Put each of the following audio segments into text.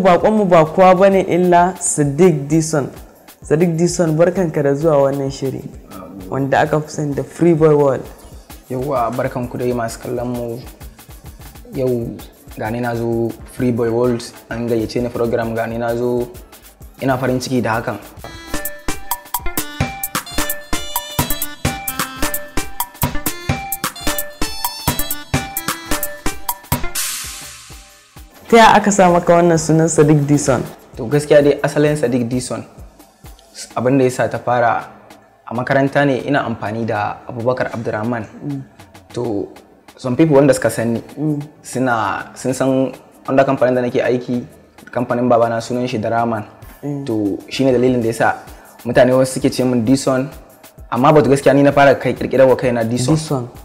mu bakonmu ba kowa ba ne illa sadiq dison sadiq dison ka da zuwa wannan shiri wanda aka fi sani da free boy world yauwa barkanku dai masu kallon mu yau gane na zo free boy world an gayyace ni program gane na zo ina farin ciki da hakan ta ya aka sa maka wannan sunan sadiq dison to gaskiya dai asalin sadiq dison abin da yasa ta fara a makaranta ne ina amfani da abubakar abdurrahman to some people wanda suka sani mm. suna sun san wanda kamfanin da nake aiki kamfanin babana sunan shi da raman mm. to shine dalilin da yasa mutane wasu suke ce min dison amma ba gaskiya ni na fara kai kirkirar wa na dison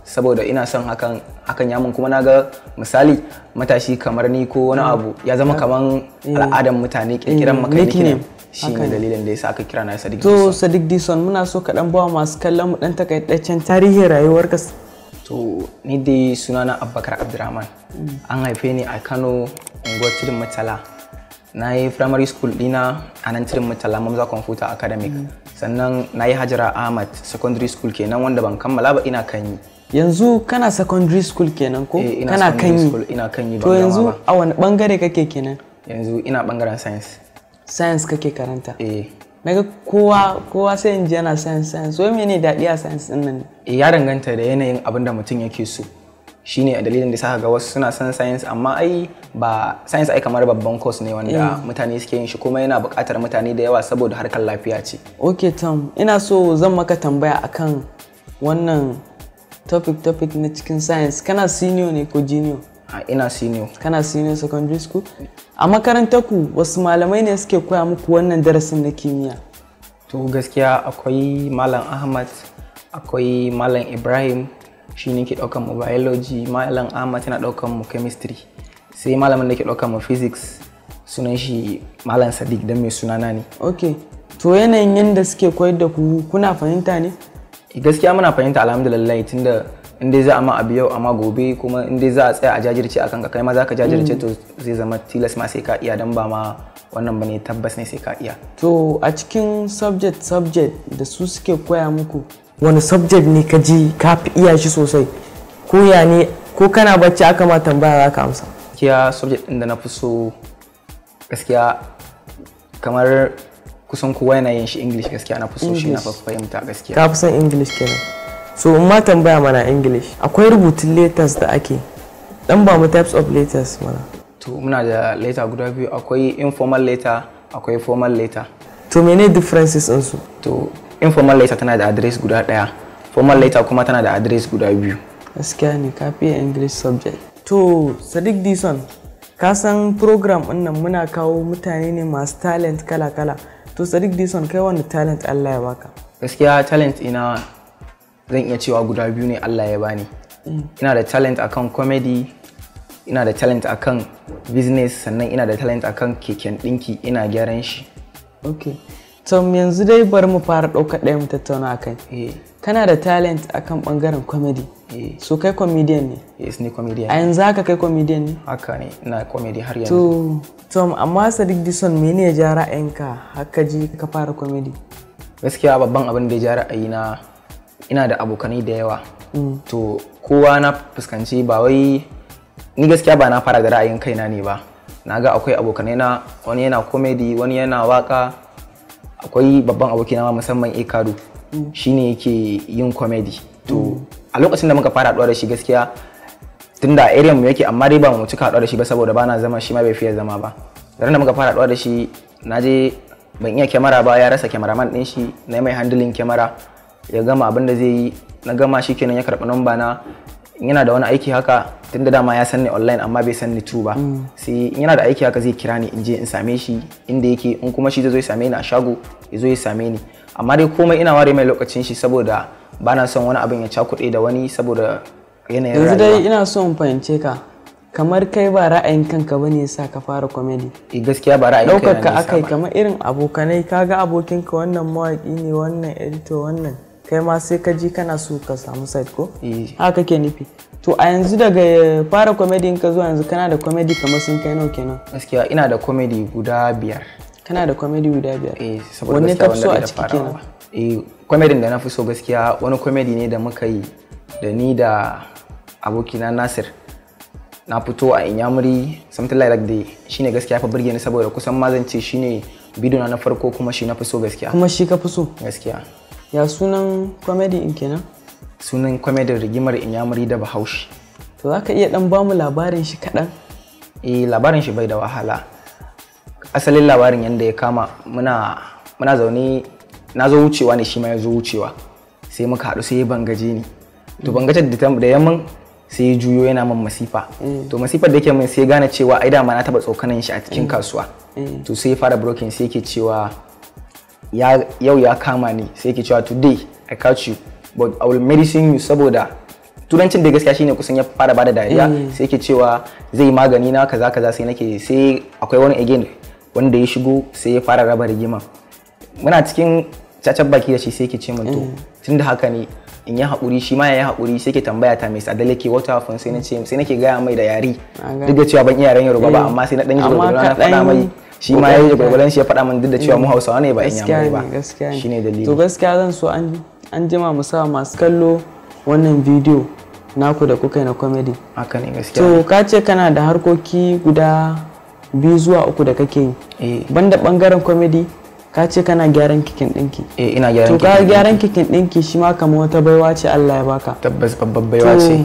saboda ina son hakan hakan yamin kuma na ga misali matashi kamar ni ko wani ah. abu ya zama kamar al'adan mutane kirkirar mm, makaniki ne shi ne dalilin da yasa aka kira na Sadiq Dison to Sadiq Dison muna so kaɗan bawa masu kallon mu dan takaitaccen tarihin rayuwarka to ni dai sunana Abubakar Abdurrahman mm. an haife ni a Kano unguwar Tudun Matala na yi primary school dina a nan tirin mutala mamza computer academic sannan na yi hajjara ahmad secondary school kenan wanda ban kammala ba ina kan yi yanzu kana secondary school kenan ko eh, kana kan yi ina kan yi to yanzu a wani bangare kake kenan yanzu ina bangaren science science kake karanta eh naga kowa kowa sai in ji yana science science wai mene daɗi a science din nan eh, ya danganta da yanayin abinda mutum yake so shine a dalilin da saka ga wasu suna son science amma ai ba science ai kamar babban course ne wanda mutane suke yin shi kuma yana buƙatar mutane da yawa saboda harkar lafiya ce okay Tom ina so zan maka tambaya akan wannan topic topic na cikin science kana senior ne ko junior ina senior kana senior secondary school a makarantar ku wasu malamai ne suke koya muku wannan darasin na kimiyya to gaskiya akwai malam ahmad akwai malam ibrahim shi ne ke ɗaukan mu biology malam Ahmad tana ɗaukan mu chemistry sai malamin da ke ɗaukan mu physics sunan shi malam sadiq dan mai sunana ne ok to yanayin yadda suke koyar da ku kuna fahimta ne eh, gaskiya muna fahimta alhamdulillah tunda in dai za a ma abu yau amma gobe kuma in dai za a tsaya a jajirce akan ka kai ma za ka jajirce mm. to zai zama tilas ma sai ka iya dan ba ma wannan bane tabbas ne sai ka iya to a cikin subject subject da su suke koya muku wani subject ne ka ji ka fi iya shi sosai ko ya ne ko kana bacci aka ma tambaya za ka amsa gaskiya subject ɗin da na fi so gaskiya kamar kusan kowa yana yin shi english gaskiya na fi so shi na fi fahimta gaskiya ka fi son english kenan so in ma tambaya mana english akwai rubutun letters da ake dan ba mu types of letters mana to muna da letter guda biyu akwai informal letter akwai formal letter to mene differences in su to informal letter tana da address guda ɗaya formal letter kuma tana da address guda biyu gaskiya ne ka fi english subject to sadiq dison ka san program nan muna kawo mutane ne masu talent kala-kala to sadiq dison kai wani talent allah ya baka gaskiya talent ina zan iya cewa guda biyu ne allah ya bani mm. ina da talent akan comedy ina da talent akan business sannan ina da talent akan keken dinki ina gyaran shi okay to yanzu dai bari mu fara ɗauka ɗaya mu tattauna akan eh. kana da talent akan bangaren comedy eh. so kai comedian ne yes ni comedian a yanzu haka kai comedian ne haka ne na comedy har yanzu to tom amma sadiq dison mene ya ja ra'ayinka haka ji ka fara comedy gaskiya babban abin da ya ja ra'ayina ina da abokanai da yawa mm. to kowa na fuskanci ba wai ni gaskiya ba na fara da ra'ayin kaina ne ba na ga akwai abokanai na wani yana comedy wani yana waka akwai babban abokina na musamman Ekado shine yake yin comedy to a lokacin da muka fara haɗuwa da shi gaskiya tunda area mu yake amma dai ba mu cika haɗuwa da shi ba saboda bana zama shi ma bai fiye zama ba da da muka fara haɗuwa da shi na je ban iya kyamara ba ya rasa kyamaraman ɗin shi na mai handling kyamara ya gama abin da zai yi na gama shi kenan ya karɓi namba na yana da wani aiki haka tun da dama ya san ni online amma bai san ni tu ba mm. sai yana da aiki haka zai kira ni in je in same shi inda yake in kuma shi zai zo ya same ni a shago ya zo ya same ni amma dai komai ina ware mai lokacin shi saboda ba na son wani abin ya cakuɗe da wani saboda yanayin yanzu dai ina so in fahimce ka kamar kai ba ra'ayin kanka bane yasa ka fara comedy eh gaskiya ba ra'ayin kanka ne ka akai kamar irin abokanai kaga abokinka wannan mawaki ne wannan editor wannan kai ma sai ka ji kana so ka samu side ko eh. haka kake nufi to a yanzu daga fara comedy in ka zuwa yanzu kana da comedy kamar sun kai nawa kenan gaskiya ina da comedy guda biyar kana da comedy guda biyar eh saboda wanne ka so a ciki kenan eh comedy da na fi so gaskiya wani comedy ne da muka yi da ni da abokina Nasir na fito a inyamuri something like that dai shine gaskiya fa burge ni saboda kusan ma zan ce shine bidiyo na farko kuma shi na fi so gaskiya kuma shi ka fi so gaskiya ya sunan kwamedi in kenan sunan kwamedin rigimar inyamuri da bahaushe to za ka iya dan bamu labarin shi kaɗan eh labarin shi bai da wahala asalin labarin yadda ya kama muna zaune na zo wucewa ne shi ma ya zo wucewa sai muka haɗu sai ya bangaje ni to mm. bangajen da yamman sai ya juyo yana min masifa mm. to masifar da yake min sai gane cewa ai dama na taba tsokanan shi a cikin mm. kasuwa to sai ya fara broken sai yake cewa yau ya kama ni sai ke cewa today i catch you but i will medicine you saboda turancin da gaskiya shine kusan ya fara bada dariya mm. sai ke cewa zai magani na kaza kaza sai nake sai akwai wani again wanda ya shigo sai ya fara raba rigima muna cikin cacar baki da shi sai ke ce min to mm. tunda haka ne in ya haƙuri shi ma ya yi haƙuri sai ke tambaya ta mai tsadar ke wata hafin sai na ce nake gaya mai da yari duk da cewa ban iya yaren Yoruba ba mm. amma sai na ɗan yi Yoruba na faɗa mai shi ma ya yi gwagwaran shi ya faɗa min duk da cewa mu hausawa ne ba in yamurai ba gaskiya ne shine dalili to gaskiya zan so an an jima mu sa masu kallo wannan bidiyo naku da kuka yi na comedy haka ne gaskiya to ka ce kana da harkoki guda biyu zuwa uku da kake yi eh. banda bangaren comedy ka ce kana gyaran kikin dinki eh ina gyaran kikin to ka gyaran kikin dinki shi ma kamar wata baiwa ce Allah ya baka tabbas babban baiwa ce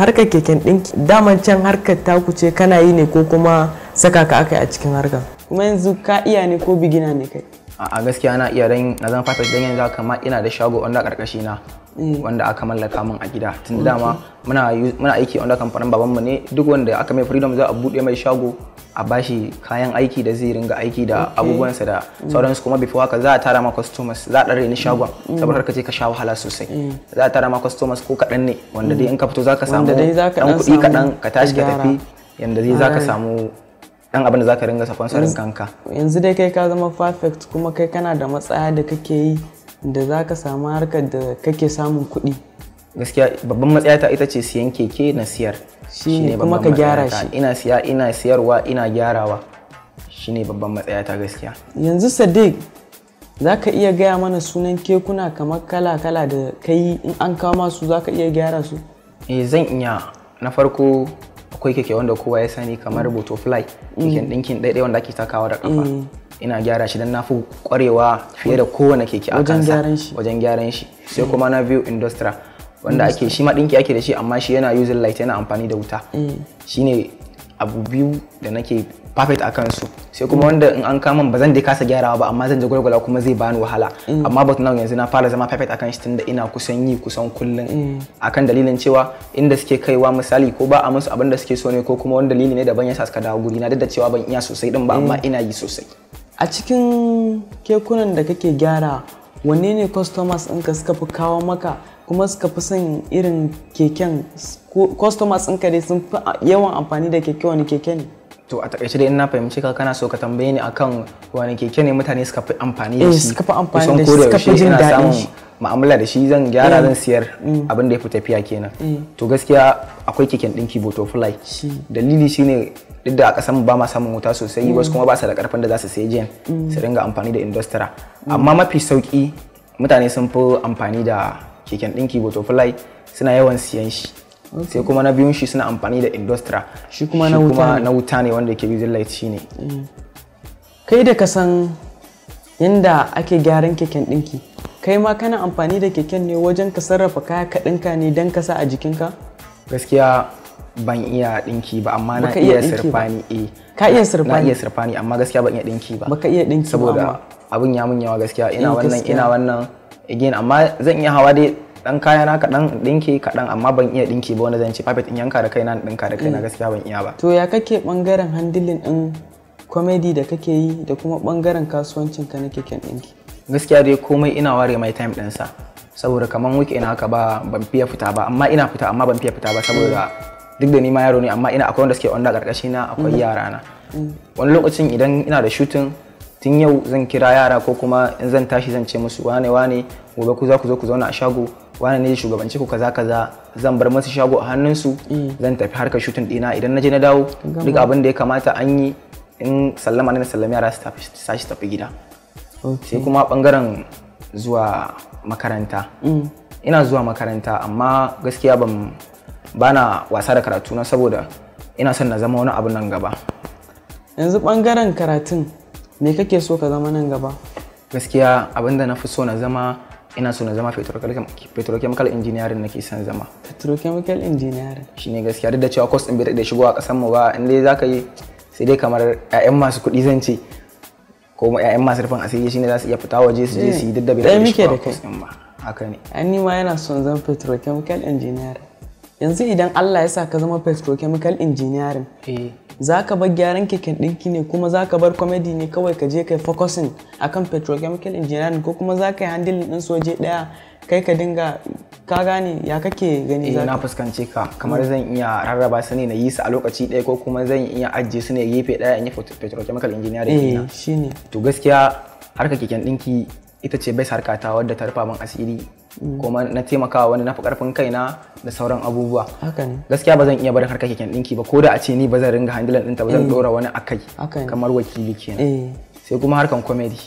harkar keken dinki daman can harkar taku ce kana yi ne ko kuma saka ka aka yi a cikin harkar kuma yanzu ka iya ne ko bigina ne kai a gaskiya na iya dan na zan fata dan yanzu kama ina da shago wanda karkashi na eh. wanda aka mallaka min a gida tun dama muna muna aiki wanda kamfanin baban mu ne duk wanda aka mai freedom za a bude mai shago a bashi kayan aiki da zai ringa aiki da abubuwansa da mm. sauransu kuma before haka za a tara ma customers za a dare ni shagon mm. Mm. saboda ka je ka sha wahala sosai za a tara ma customers ko kaɗan ne wanda dai in ka fito za ka samu dan kuɗi kaɗan ka tashi ka tafi yanda zai za ka samu dan abin da zaka ringa safansarin kanka yanzu dai kai ka zama perfect kuma kai kana da matsaya da kake yi da zaka samu harkar da kake samun kuɗi gaskiya babban matsaya ta ita ce siyan keke na siyar shine kuma ka gyara shi ina siya ina siyarwa ina gyarawa shine babban matsaya ta gaskiya yanzu sadiq za ka iya gaya mana sunan kekuna kamar kala-kala da ka yi in an kawo masu za ka iya gyara su? eh zan iya na farko akwai keke wanda kowa ya sani kamar butterfly keken mm. ɗinkin ɗaiɗai wanda ake takawa da kafa mm. ina gyara shi don na fi kwarewa fiye da kowane keke a kansa wajen gyaran shi sai mm. kuma na biyu industra wanda ake shi ma ɗinki ake da shi amma shi yana using light yana amfani da wuta shine abu biyu da nake perfect a kansu sai kuma wanda in an kama ba zan dai kasa gyarawa ba amma zan je gwalgwala kuma zai bani wahala mm. amma but now yanzu na fara zama perfect akan shi tunda ina kusan yi kusan kullun mm. akan dalilin cewa inda suke kaiwa misali ko ba a musu abin da suke so ne ko kuma wani dalili ne daban ya sa suka dawo guri na duk da cewa ban iya sosai din ba amma mm. ina yi sosai a cikin kekunan da kake gyara wanne ne customers ɗinka suka fi kawo maka kuma suka fi son irin keken customers ɗinka dai sun fi yawan amfani da keke wani keke ne to a takaice dai in na fahimci ka kana so ka tambaye ni akan wani keke ne mutane suka fi amfani da eh, shi suka fi amfani da shi suka fi jin da shi zan gyara eh. zan siyar eh. abin da ya fi tafiya kenan to gaskiya akwai keken ɗinki fly dalili shine duk da a ƙasar ba ma samun wuta sosai wasu mm. kuma ba su da karfin da za su sayi jen mm. su ringa amfani da industry mm. amma mafi sauki mutane sun fi amfani da keken ɗinki fly suna yawan siyan shi sai kuma na biyun shi suna amfani da indostra shi kuma na wuta ne wanda ke using light shine mm. kai da ka san yadda ake gyaran keken dinki kai ma kana amfani da keken ne wajen ka sarrafa kaya ka ne don ka sa a jikinka gaskiya ban iya dinki ba amma na iya sirfani eh ka iya sirfani na iya sirfani amma gaskiya ban iya dinki ba baka iya dinki saboda abun ya mun yawa gaskiya ina eh, wannan ina wannan again amma zan iya hawa dai dan kaya na kaɗan ɗinki kaɗan amma ban iya ɗinki ba wanda zan ce perfect in yanka da kaina in ɗinka da kaina mm. gaskiya ban iya ba to ya kake bangaren handling din comedy da kake yi da kuma bangaren kasuwancin ka na keken ɗinki gaskiya dai komai ina ware mai time ɗinsa saboda kaman ina haka ba ban fiye fita ba amma ina fita amma ban fiye fita ba saboda mm. duk da ni ma yaro ne amma ina akwai wanda suke onda karkashi na akwai mm. yara na wani lokacin idan ina da shooting tun yau zan kira yara ko kuma in zan tashi zan ce musu wane wane gobe ku za ku zo ku zauna a shago wani ne shugabanci ku kaza kaza zan bar masu shago a hannunsu mm. zan tafi harkar shutun dina idan na je na dawo duk abin da ya kamata an yi in sallama na sallama yara su tashi tafi gida sai kuma bangaren zuwa makaranta mm. ina zuwa makaranta amma gaskiya ban bana wasa da karatu na saboda ina son na zama wani abu nan gaba yanzu bangaren karatun me kake so ka zama nan gaba gaskiya abinda na fi so na zama ina so na zama petrochemical engineering nake son zama petrochemical engineering shine gaskiya duk da cewa course din bai da shigo a kasan mu ba in dai zaka yi sai dai kamar ƴaƴan masu kuɗi zan ce ko ƴaƴan masu rufin asiri shine za su iya fita waje su je su yi duk da bai hmm. da shigo a ba an ni ma yana son zama petrochemical engineering yanzu idan Allah ya sa ka zama petrochemical engineering eh. za ka bar gyaran keken ɗinki ne kuma za ka bar comedy ne kawai ka je kai focusing akan petrochemical engineering ko kuma za ka yi handling ɗin soje daya kai ka dinga ka gane ya kake gani za eh, na fuskance ka kamar hmm. zan iya rarraba su ne na yi su a lokaci daya ko kuma zan iya ajiye su ne gefe ɗaya in yi petrochemical engineering ɗina eh, shine to gaskiya harka keken ɗinki ita ce bai harkata wadda ta rufa min asiri Mm. kuma na taimakawa wani na fi karfin kaina da sauran abubuwa gaskiya ba zan iya barin harkar keken dinki ba ko da a ce ni ba zan ringa handilan ɗinta ba zan dora mm. wani a kai kamar wakili kenan eh. sai kuma harkan komedi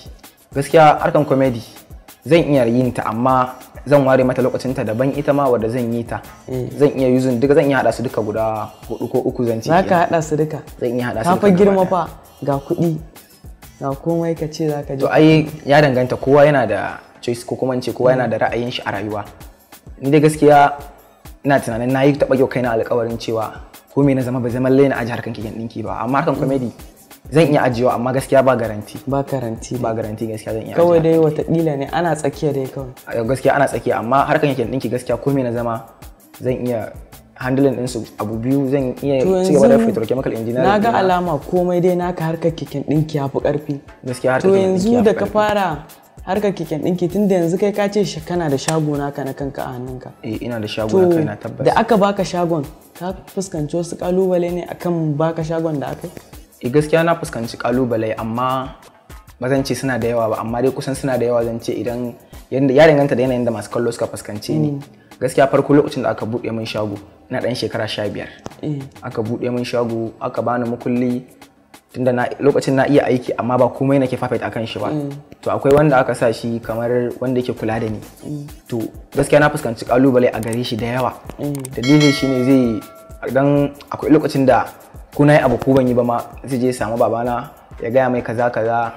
gaskiya harkan komedi zan iya yin ta amma zan ware mata lokacin ta daban ita ma wadda zan yi ta eh. zan iya yuzun duka zan iya hada su duka guda hudu ko uku zan ci zaka hada su duka zan iya hada su duka ka fa girma fa ga kuɗi ga komai ka ce zaka je to ai ya danganta kowa yana da choice ko kuma ce kowa yana da ra'ayin shi a rayuwa ni da gaskiya ina tunanin na yi taɓa yau kaina alƙawarin cewa ko me na zama ba zaman laina aji harkan kiyan ɗinki ba amma harkan comedy zan iya ajiyewa amma gaskiya ba garanti ba garanti ba garanti gaskiya zan iya kawai dai watakila ne ana tsakiya dai kawai gaskiya ana tsakiya amma harkan kigen ɗinki gaskiya ko me na zama zan iya handling din su abu biyu zan iya ci gaba da petrochemical engineer na ga alama komai dai naka harkar keken ɗinki ya fi ƙarfi gaskiya harkar to yanzu da ka fara harkar keken ɗinki tun da yanzu kai ka ce kana da shago naka na kanka a hannunka eh ina da shago na kaina tabbas da aka baka shagon ka fuskanci wasu kalubale ne akan baka shagon da aka yi eh, gaskiya na fuskanci kalubale amma ba zan ce suna da yawa ba amma dai kusan suna da yawa zan ce idan ya danganta da yanayin da masu kallo suka fuskance ni mm. gaskiya farko lokacin da aka buɗe min shago ina ɗan shekara sha biyar eh. aka buɗe min shago aka bani mukulli tunda na lokacin na iya aiki amma ba komai nake perfect akan shi ba mm. to akwai wanda aka sa shi kamar wanda yake kula da ni mm. to gaskiya na fuskanci kalubale a gare shi da yawa mm. dalilin shine zai dan akwai lokacin da ko na yi abu ko ban yi ba ma zai je samu babana ya gaya mai kaza kaza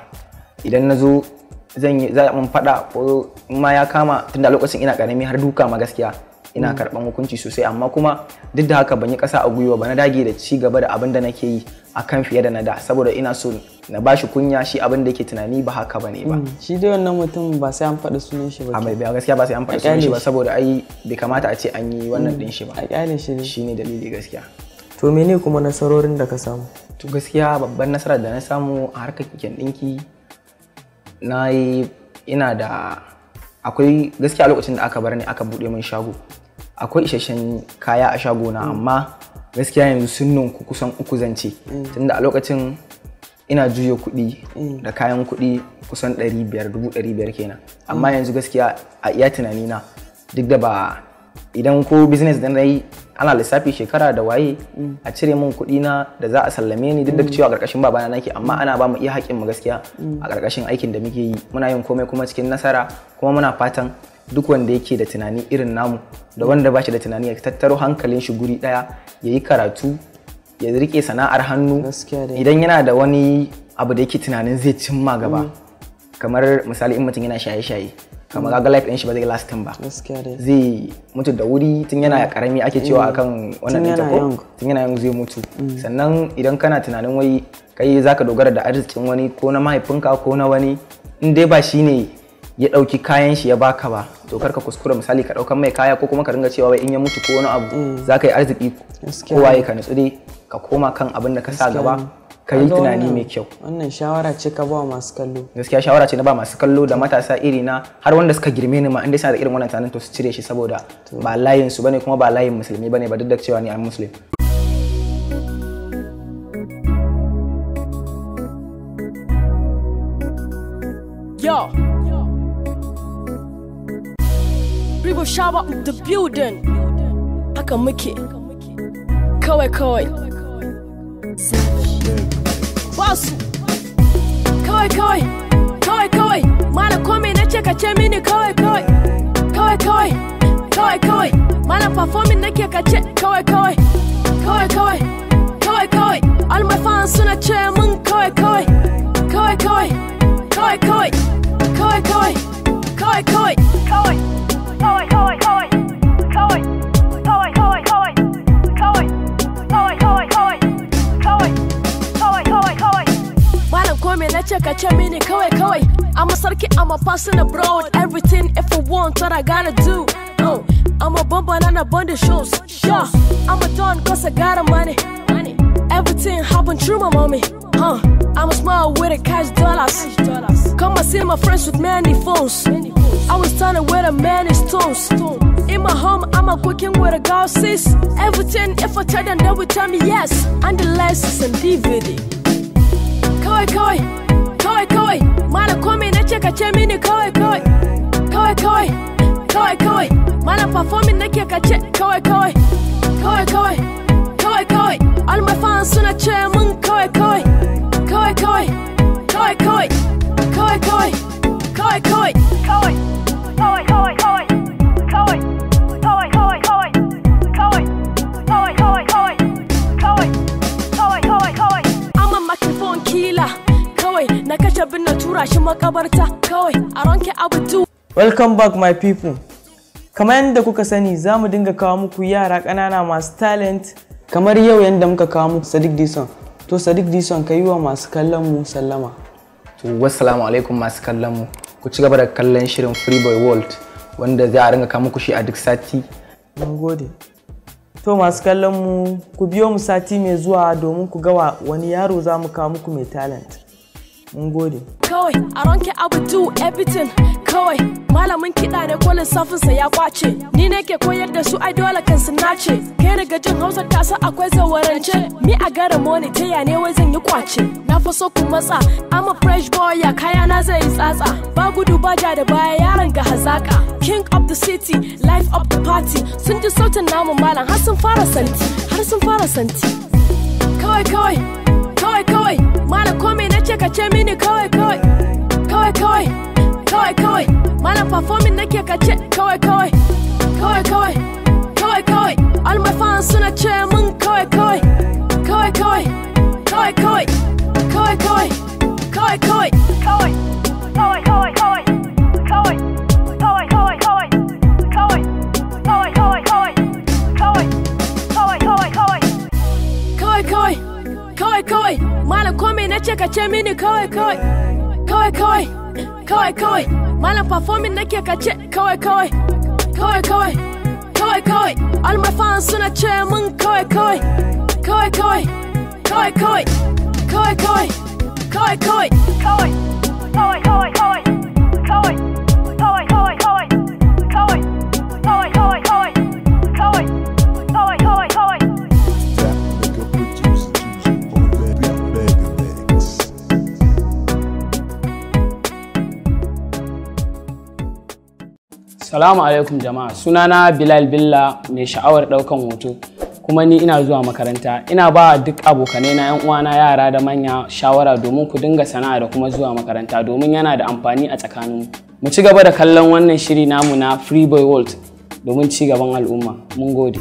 idan na zan yi za mun faɗa ko ma ya kama tunda lokacin ina karami har duka ma gaskiya ina mm. karban hukunci sosai amma kuma duk da haka ban yi kasa a gwiwa ba na dage da ci gaba da abin da nake yi a kan fiye da na da saboda ina so na ba shi kunya shi abin da yake tunani ba haka ba ne ba mm. shi dai wannan mutum ba sai an faɗi sunan shi ba amma gaskiya ba sai an faɗi sunan shi ba saboda ai bai kamata a ce an yi wannan din mm. shi ba a kyale shi ne ne dalili gaskiya to mene kuma nasarorin da ka samu to gaskiya babban nasarar da na samu a harkar keken dinki na yi ina da akwai gaskiya lokacin da aka bar ni aka buɗe min shago akwai isasshen kaya a shagona mm. amma gaskiya yanzu sun kusan uku zance mm. tunda a lokacin ina juya kuɗi mm. da kayan kuɗi kusan 500,000 kenan amma yanzu gaskiya a iya tunani na duk da ba idan ko business da na yi ana lissafi shekara da waye a cire min kuɗi na da za a sallame ni duk da cewa karkashin babana nake amma ana ba mu iya haƙƙin mu gaskiya a karkashin aikin da muke yi muna yin komai kuma cikin nasara kuma muna fatan duk wanda yake da tunani irin namu da wanda ba shi da tunani ya tattaro hankalin shi guri daya ya yi karatu ya rike sana'ar hannu idan yana da wani abu da yake tunanin zai cimma gaba mm. kamar misali in mutum yana shaye-shaye kamar mm. ga life ɗin shi ba zai lastin ba zai mutu da wuri tun yana karami mm. ake cewa akan wannan ɗin ko tun yana yanzu zai mutu sannan idan kana tunanin wai kai zaka dogara da arzikin wani ko na mahaifinka ko na wani in dai ba shine ya ɗauki kayan shi ya baka ba to karka kuskura misali ka ɗaukan mai kaya ko kuma ka ringa cewa wai in ya mutu ko wani abu mm. za ka yi arziki kowa ya ka nutsu dai ka koma kan abin da ka sa gaba ka yi tunani mai kyau wannan shawara ce ka ba masu kallo gaskiya shawara ce na ba masu kallo da matasa iri na har wanda suka girme ni ma inda suna da irin wannan tunanin to su cire shi saboda ba layin su bane kuma ba layin musulmi bane ba duk da cewa ni an musulmi Yusuf Shaba the building. Haka muke. Kawai kawai. Basu. Kawai kawai. Kawai kawai. mana komai na ce ka ce mini kawai kawai. Kawai kawai. Kawai kawai. Mala performing nake ka ce kawai kawai. Kawai kawai. Kawai kawai. All my fans suna ce mun me, let check catch me, kawai kawai. I'm a sarki, I'm a person abroad. Everything if I want, what I gotta do. No, I'm a bumper and a bunch of shows. Yeah, I'm a don, cause I got a money. Everything happen through my mommy. Huh, I'm a smile with a cash dollars. Come and see my friends with many phones. I was standing with a man is stones. In my home, I'm a cooking with a girl sis. Everything if I tell them, they will tell me yes. And the license and DVD. kawai kawai kawai mana komai na ce ka mini kawai kawai kawai kawai kawai kawai mana performing nake ka ce kawai kawai kawai kawai kawai kawai all my fans suna ce mun kawai kawai kawai kawai kawai kawai kawai shi makabarta kawai a ranke abu welcome back my people kamar yadda kuka sani za mu dinga kawo muku yara ƙanana masu talent kamar yau yadda muka kawo muku sadiq dison to sadiq dison ka yi wa masu kallon mu sallama to wassalamu alaikum masu kallon mu ku ci gaba da kallon shirin freeboy world wanda za a ringa kawo muku shi a duk sati mun gode to masu kallon mu ku biyo mu sati mai zuwa domin ku gawa wani yaro za mu kawo muku mai talent mun gode kawai a ranke abu do everything kawai malamin kiɗa da ko lissafinsa ya kwace ni ne ke koyar da su ai dole kan su nace kai daga jin hausa ta sa akwai zawarance mi a gara moni ta ya ne wai zan yi kwace na faso so ku matsa I'm a fresh boy ya kaya na zai tsatsa ba gudu ba ja da baya yaran ga hazaka king of the city life of the party sun ji sautin namu malam har sun fara santi har sun fara santi kawai kawai kawai kawai malam komai cheka chemi ni koi, koi, koi, koi. kawai kawai mana in nake kace kawai koi, koi, koi, koi, koi. all my fans suna ce komai na ce ka ce mini kawai kawai kawai kawai kawai kawai malam performing nake ka ce kawai kawai kawai kawai kawai kawai all my fans suna ce mun kawai kawai kawai kawai kawai kawai kawai kawai kawai kawai kawai kawai kawai kawai kawai Salamu alaikum jama'a sunana Bilal Billa mai sha'awar ɗaukan hoto kuma ni ina zuwa makaranta ina ba duk abokanai na 'yan uwana yara da manya shawara domin ku dinga sana'a da kuma zuwa makaranta domin yana da amfani a tsakanin mu ci gaba da kallon wannan shiri namu na Freeboy World domin ci gaban al'umma mun gode.